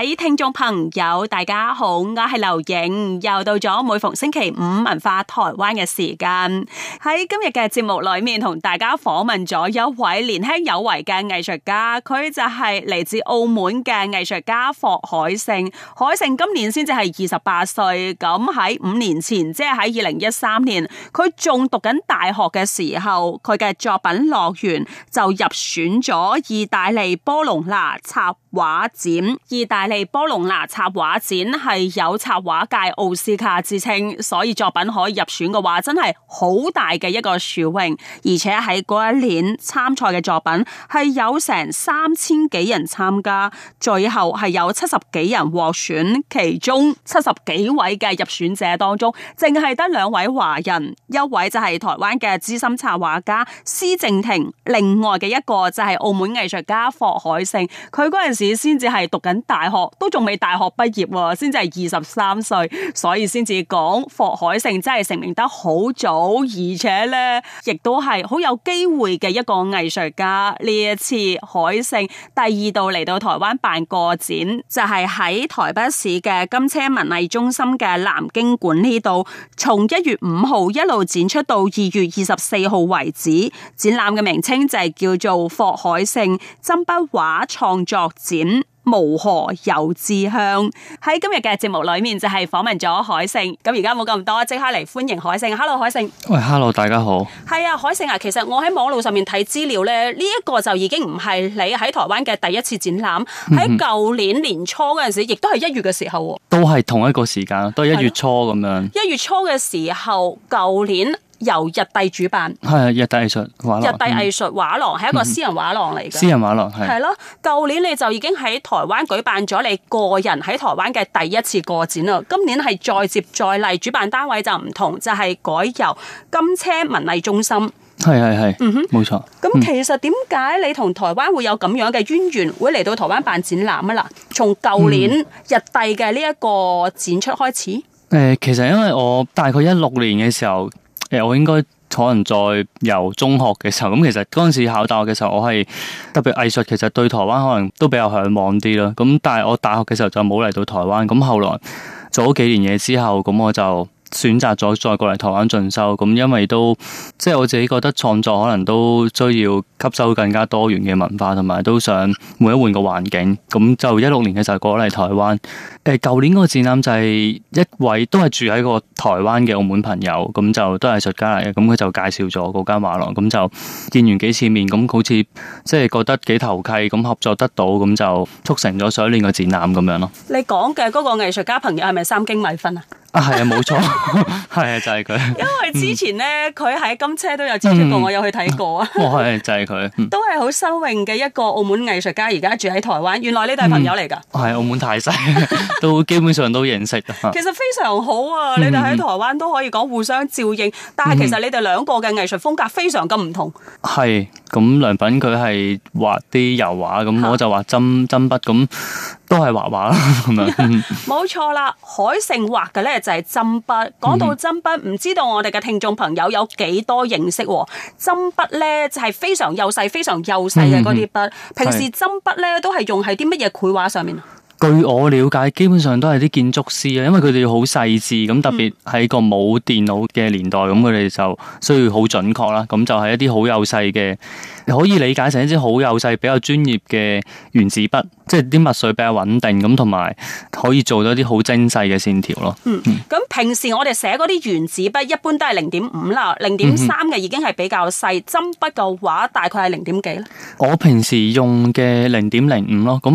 位聽眾朋友，大家好，我係劉影，又到咗每逢星期五文化台灣嘅時間。喺今日嘅節目裏面，同大家訪問咗一位年輕有為嘅藝術家，佢就係嚟自澳門嘅藝術家霍凱盛。凱盛今年先至係二十八歲，咁喺五年前，即係喺二零一三年，佢仲讀緊大學嘅時候，佢嘅作品《樂園》就入選咗意大利波隆拿插。畫展，意大利波隆拿插畫展係有插畫界奧斯卡之稱，所以作品可以入選嘅話，真係好大嘅一個殊榮。而且喺嗰一年參賽嘅作品係有成三千幾人參加，最後係有七十幾人獲選，其中七十幾位嘅入選者當中，淨係得兩位華人，一位就係台灣嘅資深插畫家施正廷，另外嘅一個就係澳門藝術家霍凱盛，佢嗰陣。先至係讀緊大學，都仲未大學畢業，先至係二十三歲，所以先至講霍凱盛真係成名得好早，而且呢，亦都係好有機會嘅一個藝術家。呢一次凱盛第二度嚟到台灣辦個展，就係、是，喺台北市嘅金車文藝中心嘅南京館呢度，從一月五號一路展出到二月二十四號為止。展覽嘅名稱就係叫做霍凱盛針筆畫創作展。展無河有志向喺今日嘅節目裏面就係訪問咗凱盛，咁而家冇咁多即刻嚟歡迎凱盛，Hello 凱盛，喂，Hello 大家好，係啊，凱盛啊，其實我喺網路上面睇資料咧，呢、這、一個就已經唔係你喺台灣嘅第一次展覽，喺舊年年初嗰陣時，亦都係一月嘅時候，時候啊、都係同一個時間，都係一月初咁樣，一月初嘅時候，舊年。由日帝主辦係日帝藝術畫廊，日帝藝術畫廊係一個私人畫廊嚟嘅私人畫廊係係咯。舊年你就已經喺台灣舉辦咗你個人喺台灣嘅第一次個展啦。今年係再接再厲，主辦單位就唔同，就係、是、改由金車文藝中心。係係係冇錯。咁、嗯嗯、其實點解你同台灣會有咁樣嘅淵源，會嚟到台灣辦展覽啊？嗱，從舊年日帝嘅呢一個展出開始誒、嗯嗯呃，其實因為我大概一六年嘅時候。誒，我應該可能在由中學嘅時候，咁其實嗰陣時考大學嘅時候，我係特別藝術，其實對台灣可能都比較向往啲啦。咁但係我大學嘅時候就冇嚟到台灣，咁後來做咗幾年嘢之後，咁我就。選擇咗再過嚟台灣進修，咁因為都即係我自己覺得創作可能都需要吸收更加多元嘅文化，同埋都想換一換個環境，咁就一六年嘅時候過嚟台灣。誒、呃，舊年個展覽就係一位都係住喺個台灣嘅澳門朋友，咁就都係藝術家嚟嘅，咁佢就介紹咗嗰間畫廊，咁就見完幾次面，咁好似即係覺得幾投契，咁合作得到，咁就促成咗上年展覽個展覽咁樣咯。你講嘅嗰個藝術家朋友係咪三經米粉啊？啊，係啊，冇錯。 係啊，就係佢。因為之前咧，佢喺金車都有展出過，我有去睇過啊。哦，係就係佢，都係好收榮嘅一個澳門藝術家，而家住喺台灣。原來你哋朋友嚟噶。係澳門太細，都基本上都認識。其實非常好啊，你哋喺台灣都可以講互相照應，但係其實你哋兩個嘅藝術風格非常咁唔同。係。咁良品佢係畫啲油畫咁，我就畫針針筆咁，都係畫畫啦咁樣。冇錯啦，凱盛畫嘅咧就係針筆。講到針筆，唔知道我哋嘅聽眾朋友有幾多認識？針筆咧就係非常幼細、非常幼細嘅嗰啲筆。 平時針筆咧都係用喺啲乜嘢繪畫上面？據我了解，基本上都係啲建築師啊，因為佢哋要好細緻，咁特別喺個冇電腦嘅年代，咁佢哋就需要好準確啦。咁就係一啲好幼細嘅。可以理解成一支好幼細、比較專業嘅原子筆，即係啲墨水比較穩定，咁同埋可以做到一啲好精細嘅線條咯。嗯，咁、嗯、平時我哋寫嗰啲原子筆一般都係零點五啦，零點三嘅已經係比較細。嗯、哼針筆嘅話，大概係零點幾咧？我平時用嘅零點零五咯，咁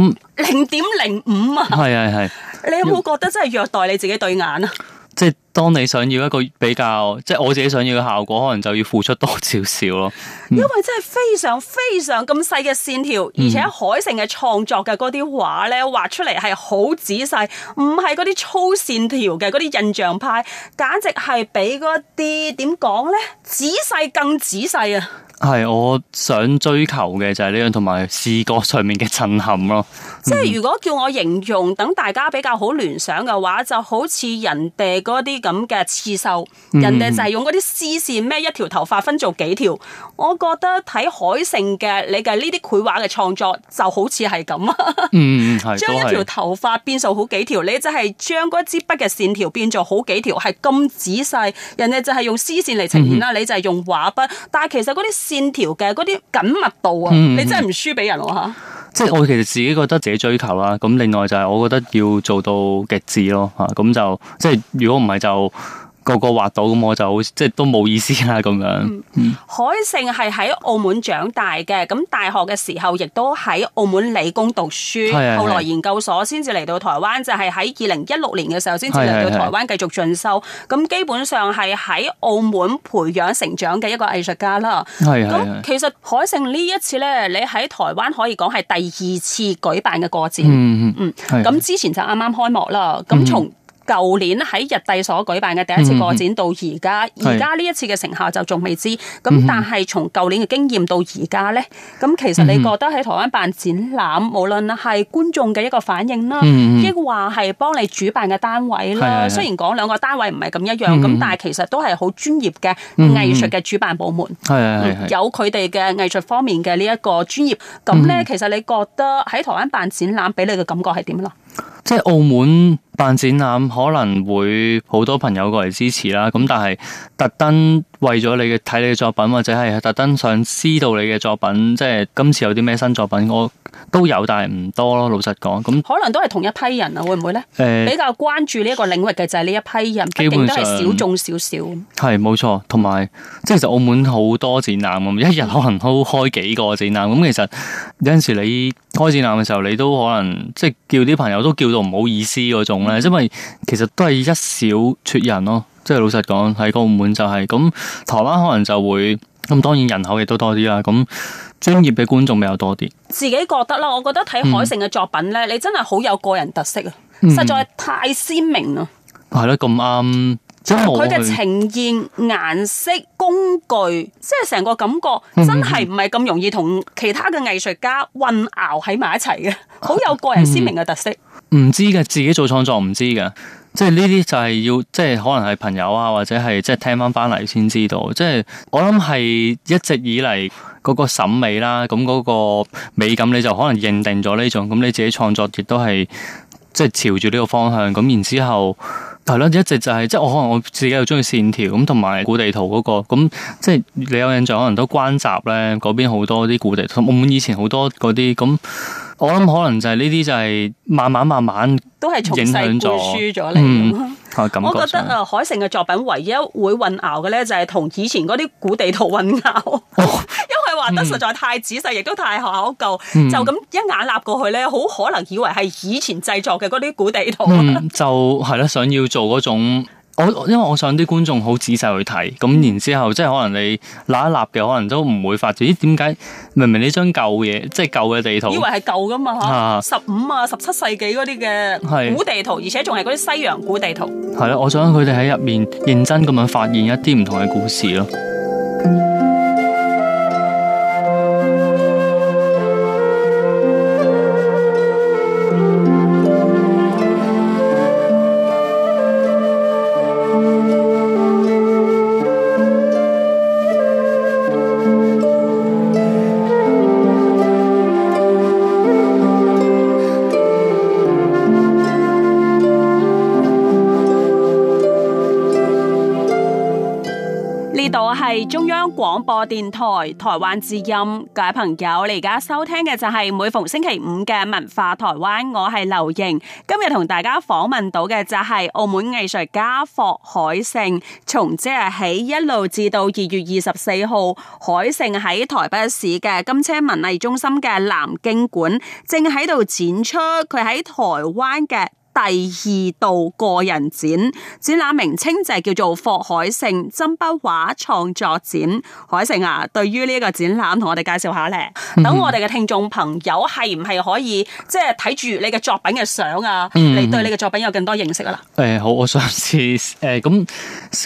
零點零五啊，係係係。你有冇覺得真係虐待你自己對眼啊？嗯 即係當你想要一個比較，即係我自己想要嘅效果，可能就要付出多少少咯。因為真係非常非常咁細嘅線條，嗯、而且凱盛嘅創作嘅嗰啲畫咧，畫出嚟係好仔細，唔係嗰啲粗線條嘅嗰啲印象派，簡直係比嗰啲點講咧仔細更仔細啊！係我想追求嘅就係呢樣，同埋視覺上面嘅震撼咯。嗯、即係如果叫我形容等大家比較好聯想嘅話，就好似人哋嗰啲咁嘅刺繡，嗯、人哋就係用啲絲線咩，一條頭髮分做幾條。我覺得睇凱盛嘅你嘅呢啲繪畫嘅創作就好似係咁啊。 嗯，係將一條頭髮變數好幾條，你就係將嗰支筆嘅線條變做好幾條，係咁仔細。人哋就係用絲線嚟呈現啦，嗯、你就係用畫筆，但係其實嗰啲。線條嘅嗰啲緊密度啊，嗯、你真係唔輸俾人喎吓！嗯啊、即係我其實自己覺得自己追求啦、啊，咁另外就係我覺得要做到極致咯吓，咁就即係如果唔係就。個個畫到咁我就即係都冇意思啦咁樣。凱盛係喺澳門長大嘅，咁大學嘅時候亦都喺澳門理工讀書，後來研究所先至嚟到台灣，就係喺二零一六年嘅時候先至嚟到台灣繼續進修。咁基本上係喺澳門培養成長嘅一個藝術家啦。係啊。咁其實凱盛呢一次咧，你喺台灣可以講係第二次舉辦嘅個展。嗯嗯嗯。咁之前就啱啱開幕啦。咁從舊年喺日帝所舉辦嘅第一次個展到而家，而家呢一次嘅成效就仲未知。咁但係從舊年嘅經驗到而家咧，咁其實你覺得喺台灣辦展覽，無論係觀眾嘅一個反應啦，亦話係幫你主辦嘅單位啦，雖然講兩個單位唔係咁一樣，咁但係其實都係好專業嘅藝術嘅主辦部門，有佢哋嘅藝術方面嘅呢一個專業。咁咧，其實你覺得喺台灣辦展覽俾你嘅感覺係點樣？即係澳門辦展覽，可能會好多朋友過嚟支持啦。咁但係特登。為咗你嘅睇你嘅作品，或者係特登想知道你嘅作品，即係今次有啲咩新作品，我都有，但係唔多咯。老實講，咁可能都係同一批人啊，會唔會呢？呃、比較關注呢一個領域嘅就係呢一批人，畢竟都係小眾少少。係冇錯，同埋即係其實澳門好多展覽噶嘛，一日可能都開幾個展覽。咁其實有陣時你開展覽嘅時候，你都可能即係叫啲朋友都叫到唔好意思嗰種咧，嗯、因為其實都係一小撮人咯。即係老實講，喺個澳門就係咁，台灣可能就會咁，當然人口亦都多啲啦。咁專業嘅觀眾比較多啲。自己覺得啦，我覺得睇凱盛嘅作品咧，你真係好有個人特色啊！實在太鮮明啦。係咯，咁啱，即係佢嘅呈現、顏色、工具，即係成個感覺，真係唔係咁容易同其他嘅藝術家混淆喺埋一齊嘅。好有個人鮮明嘅特色。唔知嘅，自己做創作唔知嘅。即係呢啲就係要，即係可能係朋友啊，或者係即係聽翻翻嚟先知道。即係我諗係一直以嚟嗰個審美啦，咁嗰個美感你就可能認定咗呢種，咁你自己創作亦都係即係朝住呢個方向。咁然之後係咯，一直就係即係我可能我自己又中意線條咁，同埋古地圖嗰個咁，即係你有印象可能都關閘咧嗰邊好多啲古地圖，澳門以前好多嗰啲咁。我諗可能就係呢啲就係慢慢慢慢都係影響咗，嗯，我,覺,我覺得啊，凱盛嘅作品唯一會混淆嘅咧，就係同以前嗰啲古地圖混淆，哦、 因為畫得實在太仔細，亦都、嗯、太考究，嗯、就咁一眼納過去咧，好可能以為係以前製作嘅嗰啲古地圖。嗯、就係啦，想要做嗰種。我因為我想啲觀眾好仔細去睇，咁然之後即係可能你那一立嘅可能都唔會發覺，咦點解明明呢張舊嘢即係舊嘅地圖？以為係舊噶嘛，十五啊十七、啊、世紀嗰啲嘅古地圖，的而且仲係嗰啲西洋古地圖。係啦，我想佢哋喺入面認真咁樣發現一啲唔同嘅故事咯。廣播電台台灣之音，各位朋友，你而家收聽嘅就係每逢星期五嘅文化台灣，我係劉瑩。今日同大家訪問到嘅就係澳門藝術家霍凱盛，從即日起一路至到二月二十四號，凱盛喺台北市嘅金車文藝中心嘅南京館，正喺度展出佢喺台灣嘅。第二度個人展展覽名稱就係叫做霍凱盛針筆畫創作展。凱盛啊，對於呢個展覽同我哋介紹下咧，等、mm、我哋嘅聽眾朋友係唔係可以即係睇住你嘅作品嘅相啊，mm、你對你嘅作品有更多認識啦、啊。誒、欸，好，我上次誒咁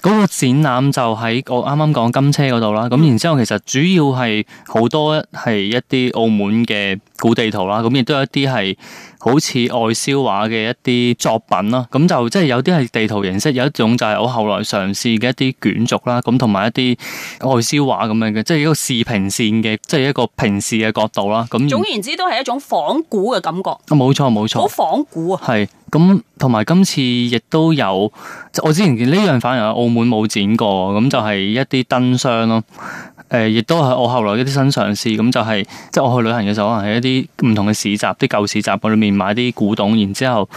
嗰個展覽就喺我啱啱講金車嗰度啦。咁、嗯、然之後其實主要係好多係一啲澳門嘅。古地圖啦，咁亦都有一啲係好似外銷畫嘅一啲作品啦，咁就即係有啲係地圖形式，有一種就係我後來嘗試嘅一啲卷軸啦，咁同埋一啲外銷畫咁樣嘅，即係一個視平線嘅，即係一個平視嘅角度啦。咁總言之，都係一種仿古嘅感覺。啊，冇錯冇錯，好仿古啊。係咁，同埋今次亦都有，我之前呢樣反而喺澳門冇剪過，咁就係一啲燈箱咯。誒，亦都係我後來一啲新嘗試，咁就係即係我去旅行嘅時候，可能喺一啲唔同嘅市集、啲舊市集嗰裏面買啲古董，然之後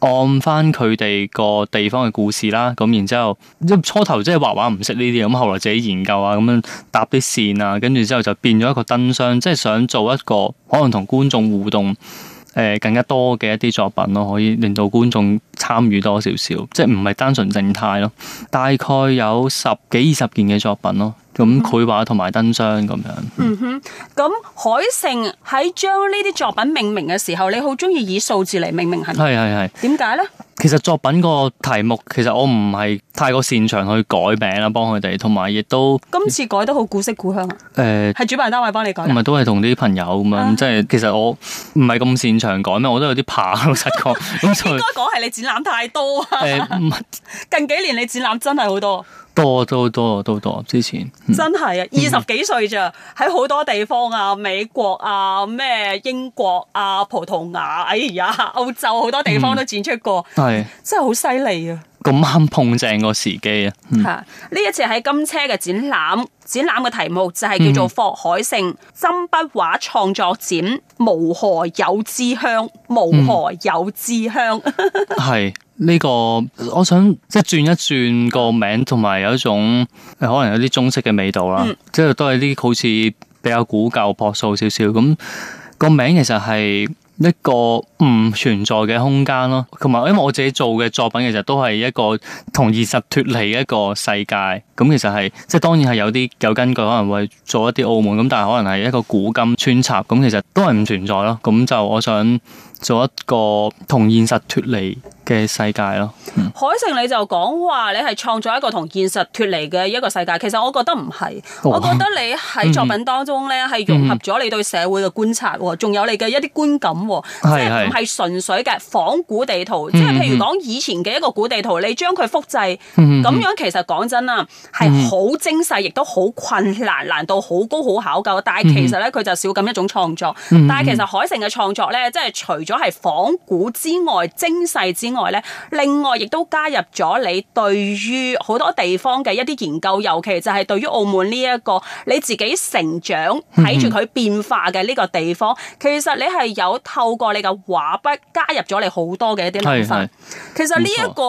按翻佢哋個地方嘅故事啦，咁然之後初頭即係畫畫唔識呢啲，咁後來自己研究啊，咁樣搭啲線啊，跟住之後就變咗一個燈箱，即係想做一個可能同觀眾互動誒、呃、更加多嘅一啲作品咯，可以令到觀眾參與多少少，即係唔係單純靜態咯，大概有十幾二十件嘅作品咯。咁繪畫同埋燈箱咁樣，嗯哼，咁凱盛喺將呢啲作品命名嘅時候，你好中意以數字嚟命名係咪？係係係，點解咧？呢其實作品個題目，其實我唔係太過擅長去改名啦，幫佢哋，同埋亦都今次改得好古色古香啊。誒、呃，係主辦單位幫你改，唔係都係同啲朋友咁樣，啊、即係其實我唔係咁擅長改咩，我都有啲怕 老實講。咁、就是、應該講係你展覽太多啊。唔係，近幾年你展覽真係好多。多都多都多，多。之前、嗯、真係啊，二十幾歲咋，喺好多地方啊，嗯、美國啊，咩英國啊，葡萄牙，哎呀，歐洲好多地方都展出過，係、嗯、真係好犀利啊！咁啱碰正個時機啊！吓呢一次喺金車嘅展覽，展覽嘅題目就係叫做霍凱盛，針筆畫創作展，無何有之鄉，無何有之鄉。係呢、 這個，我想即係轉一轉個名，同埋有一種可能有啲中式嘅味道啦，嗯、即係都係啲好似比較古舊、朴素少少咁。那個名其實係。一個唔存在嘅空間咯，同埋因為我自己做嘅作品其實都係一個同現實脱離一個世界，咁其實係即係當然係有啲有根據，可能會做一啲澳門咁，但係可能係一個古今穿插，咁其實都係唔存在咯。咁就我想做一個同現實脱離。嘅世界咯，嗯、凱盛你就講話你係創造一個同現實脱離嘅一個世界，其實我覺得唔係，哦、我覺得你喺作品當中咧係、嗯、融合咗你對社會嘅觀察，仲、嗯、有你嘅一啲觀感，嗯、即係唔係純粹嘅仿古地圖，嗯、即係譬如講以前嘅一個古地圖，你將佢複製，咁、嗯、樣其實講真啊，係好精細，亦都好困難，難度好高，好考究，但係其實咧佢就少咁一種創作，嗯、但係其，其實凱盛嘅創作咧，即係除咗係仿古之外，精細之外。外咧，另外亦都加入咗你對於好多地方嘅一啲研究，尤其就係對於澳門呢、這、一個你自己成長睇住佢變化嘅呢個地方，其實你係有透過你嘅畫筆加入咗你好多嘅一啲諗法。是是，其實呢一個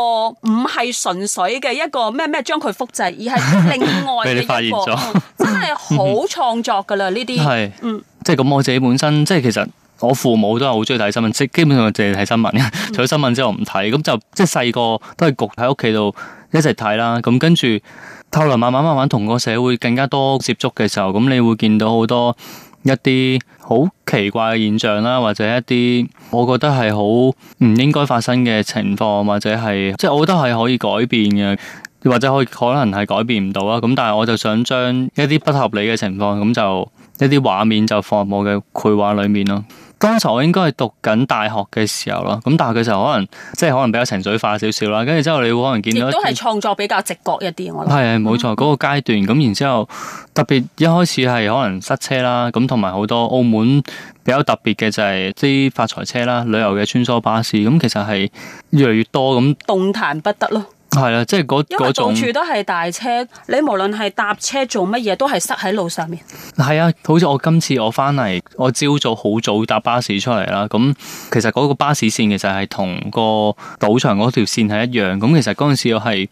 唔係純粹嘅一個咩咩將佢複製，而係另外嘅一個 發現 真係好創作噶啦呢啲。是嗯，即係咁，我自己本身即係其實。我父母都係好中意睇新聞，即基本上就淨係睇新聞。除咗新聞之外唔睇，咁就即係細個都係焗喺屋企度一齊睇啦。咁跟住後來慢慢慢慢同個社會更加多接觸嘅時候，咁你會見到好多一啲好奇怪嘅現象啦，或者一啲我覺得係好唔應該發生嘅情況，或者係即係我覺得係可以改變嘅，或者可以可能係改變唔到啊。咁但係我就想將一啲不合理嘅情況，咁就一啲畫面就放入我嘅繪畫裏面咯。剛才我應該係讀緊大學嘅時候咯，咁但係佢就可能即係、就是、可能比較情緒化少少啦，跟住之後你會可能見到都係創作比較直覺一啲，我諗係啊冇錯嗰個階段，咁、嗯、然之後特別一開始係可能塞車啦，咁同埋好多澳門比較特別嘅就係、是、啲、就是、發財車啦、旅遊嘅穿梭巴士，咁其實係越嚟越多咁動彈不得咯。係啊，即係嗰嗰種，因為到處都係大車，你無論係搭車做乜嘢，都係塞喺路上面。係啊，好似我今次我翻嚟，我朝早好早搭巴士出嚟啦。咁其實嗰個巴士線其實係同個賭場嗰條線係一樣。咁其實嗰陣時又係。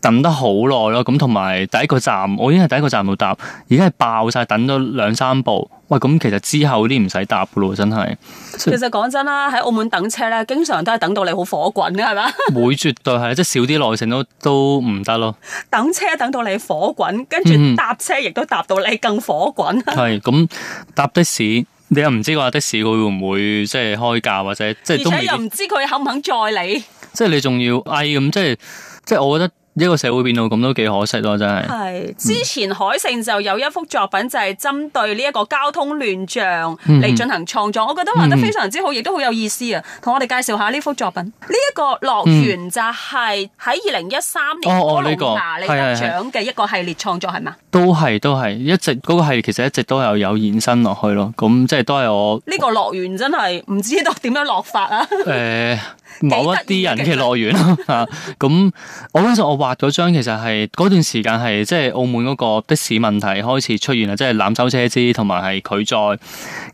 等得好耐咯，咁同埋第一個站我已經係第一個站度搭，而家係爆晒等咗兩三部。喂，咁其實之後啲唔使搭噶咯，真係。其實講真啦，喺澳門等車咧，經常都係等到你好火滾嘅，係咪啊？ 會絕對係，即係少啲耐性都都唔得咯。等車等到你火滾，跟住搭車亦都搭到你更火滾。係咁，嗯、搭的士，你又唔知話的士佢會唔會即係開價或者即係都？而且又唔知佢肯唔肯載你。即係你仲要嗌咁，哎嗯，即係即係我覺得。呢個社會變到咁都幾可惜咯，真係。係是、嗯、之前海盛就有一幅作品，就係針對呢一個交通亂象嚟進行創作，嗯、我覺得畫得非常之好，亦、嗯、都好有意思啊！同我哋介紹下呢幅作品。呢、這、一個樂園就係喺二零一三年柯龍牙嚟獎嘅一個系列創作，係嘛？都係都係，一直嗰、那個系列其實一直都又有延伸落去咯。咁、嗯、即係都係我呢個樂園真係唔知道點樣落法啊！誒、嗯。嗯嗯嗯嗯嗯某一啲人嘅樂園啊，咁我嗰陣我畫咗張，其實係嗰段時間係即係澳門嗰個的士問題開始出現啦，即係攬收車資同埋係拒載，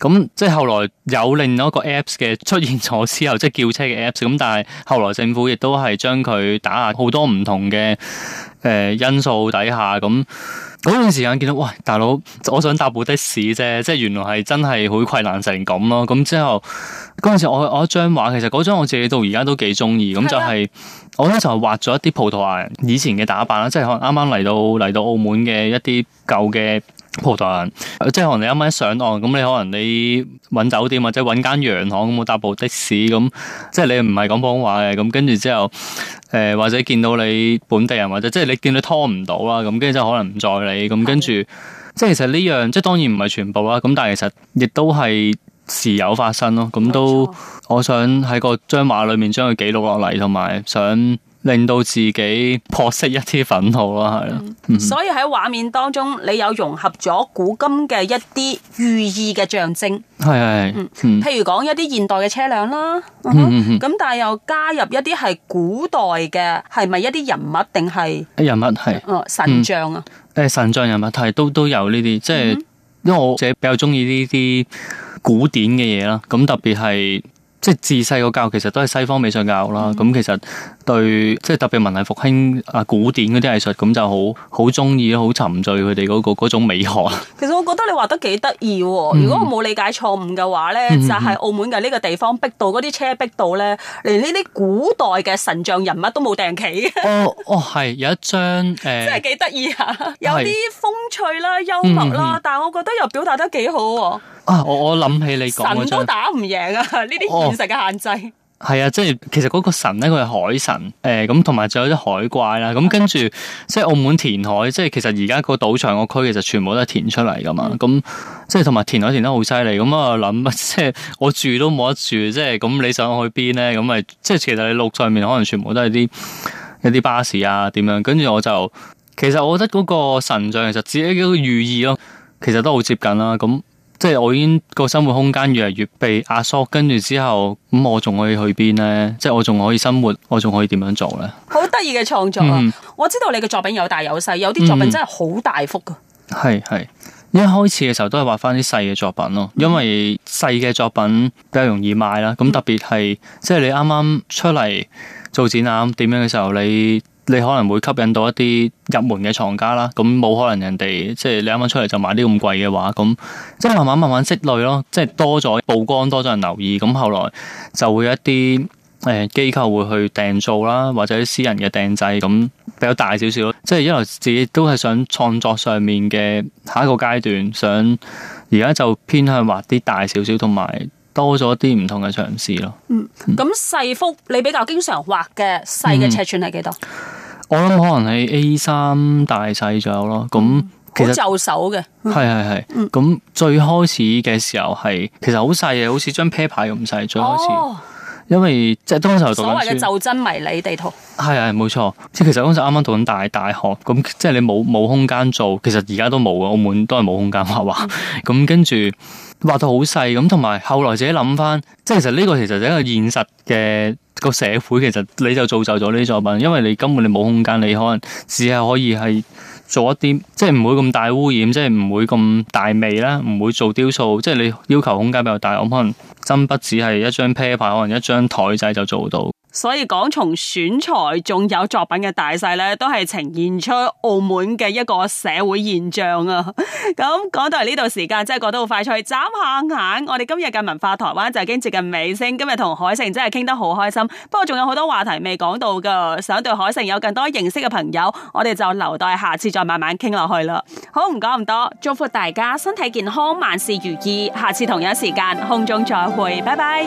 咁即係後來有另外一個 apps 嘅出現咗之後，即係叫車嘅 apps，咁但係後來政府亦都係將佢打壓好多唔同嘅誒、呃、因素底下咁。嗰段時間見到，喂，大佬，我想搭部的士啫，即係原來係真係好困難成咁咯。咁之後嗰陣時我，我我一張畫，其實嗰張我自己到而家都幾中意，咁就係、是、的我咧就畫咗一啲葡萄牙人以前嘅打扮啦，即係可能啱啱嚟到嚟到澳門嘅一啲舊嘅。葡萄，即係可能你啱啱上岸，咁你可能你揾酒店或者揾間洋行咁，搭部的士咁，即係你唔係講普通話嘅，咁跟住之後，誒、呃、或者見到你本地人或者即係你見到拖唔到啦，咁跟住可能唔載你，咁跟住，即係其實呢樣即係當然唔係全部啦，咁但係其實亦都係時有發生咯，咁都的我想喺個張畫裏面將佢記錄落嚟，同埋想。令到自己破釋一啲粉號啦，係啦。所以喺畫面當中，你有融合咗古今嘅一啲寓意嘅象徵，係係。嗯，譬如講一啲現代嘅車輛啦，咁但係又加入一啲係古代嘅，係咪一啲人物定係人物係？哦，神像啊，誒，神像人物係都都有呢啲，即係因為我自己比較中意呢啲古典嘅嘢啦，咁特別係。即係自細個教其實都係西方美術教啦，咁、嗯、其實對即係特別文藝復興啊，古典嗰啲藝術，咁就好好中意，好沉醉佢哋嗰個種美學。其實我覺得你話得幾得意喎，嗯、如果我冇理解錯誤嘅話咧，嗯、就係澳門嘅呢個地方逼到嗰啲車逼到咧，連呢啲古代嘅神像人物都冇訂企嘅 哦。哦哦係，有一張誒，即係幾得意吓，有啲風趣啦、啊、幽默啦，但係我覺得又表達得幾好、啊。啊！我我諗起你講神都打唔贏啊！呢啲現實嘅限制係、哦、啊，即係其實嗰個神咧，佢係海神誒，咁同埋仲有啲海怪啦。咁、嗯、跟住即係澳門填海，即係其實而家個賭場個區其實全部都係填出嚟噶嘛。咁、嗯、即係同埋填海填得好犀利，咁啊諗即係我住都冇得住，即係咁你想去邊咧？咁咪即係其實你陸上面可能全部都係啲一啲巴士啊，點樣？跟住我就其實我覺得嗰個神像其實自己嘅寓意咯，其實都好接近啦、啊。咁、嗯。嗯嗯即係我已經個生活空間越嚟越被壓縮，跟住之後咁、嗯、我仲可以去邊呢？即係我仲可以生活，我仲可以點樣做呢？好得意嘅創作啊！嗯、我知道你嘅作品有大有細，有啲作品真係好大幅噶、啊。係係一開始嘅時候都係畫翻啲細嘅作品咯，因為細嘅作品比較容易賣啦。咁特別係、嗯、即係你啱啱出嚟做展覽點樣嘅時候你。你可能會吸引到一啲入門嘅藏家啦，咁冇可能人哋即係你啱啱出嚟就買啲咁貴嘅話，咁即係慢慢慢慢積累咯，即係多咗曝光，多咗人留意，咁後來就會有一啲誒機構會去訂造啦，或者私人嘅訂製咁比較大少少咯，即係一路自己都係想創作上面嘅下一個階段，想而家就偏向畫啲大少少同埋。多咗啲唔同嘅嘗試咯。咁細、嗯嗯、幅你比較經常畫嘅細嘅尺寸係幾多？我諗可能係 A 三大細左右咯。咁、嗯、其實就手嘅，係係係。咁、嗯、最開始嘅時候係其實好細嘅，好似張啤牌咁細。最開始，哦、因為即係當時所謂嘅袖珍迷你地圖，係係冇錯。即係其實嗰陣啱啱讀緊大大，大學，咁即係你冇冇空間做。其實而家都冇嘅，澳門都係冇空間畫畫。咁 跟住。畫到好細咁，同埋後來自己諗翻，即係其實呢個其實就係一個現實嘅個社會，其實你就造就咗呢啲作品，因為你根本你冇空間，你可能只係可以係做一啲，即係唔會咁大污染，即係唔會咁大味啦，唔會做雕塑，即係你要求空間比較大，我可能。真不只係一張啤牌，可能一張枱仔就做到。所以講從選材，仲有作品嘅大細咧，都係呈現出澳門嘅一個社會現象啊！咁 講到嚟呢度時間，真係過得好快脆。眨下眼，我哋今日嘅文化台灣就已經接近尾聲。今日同凱盛真係傾得好開心，不過仲有好多話題未講到噶，想對凱盛有更多認識嘅朋友，我哋就留待下次再慢慢傾落去啦。好，唔講咁多，祝福大家身體健康，萬事如意。下次同樣時間，空中再喂，拜拜。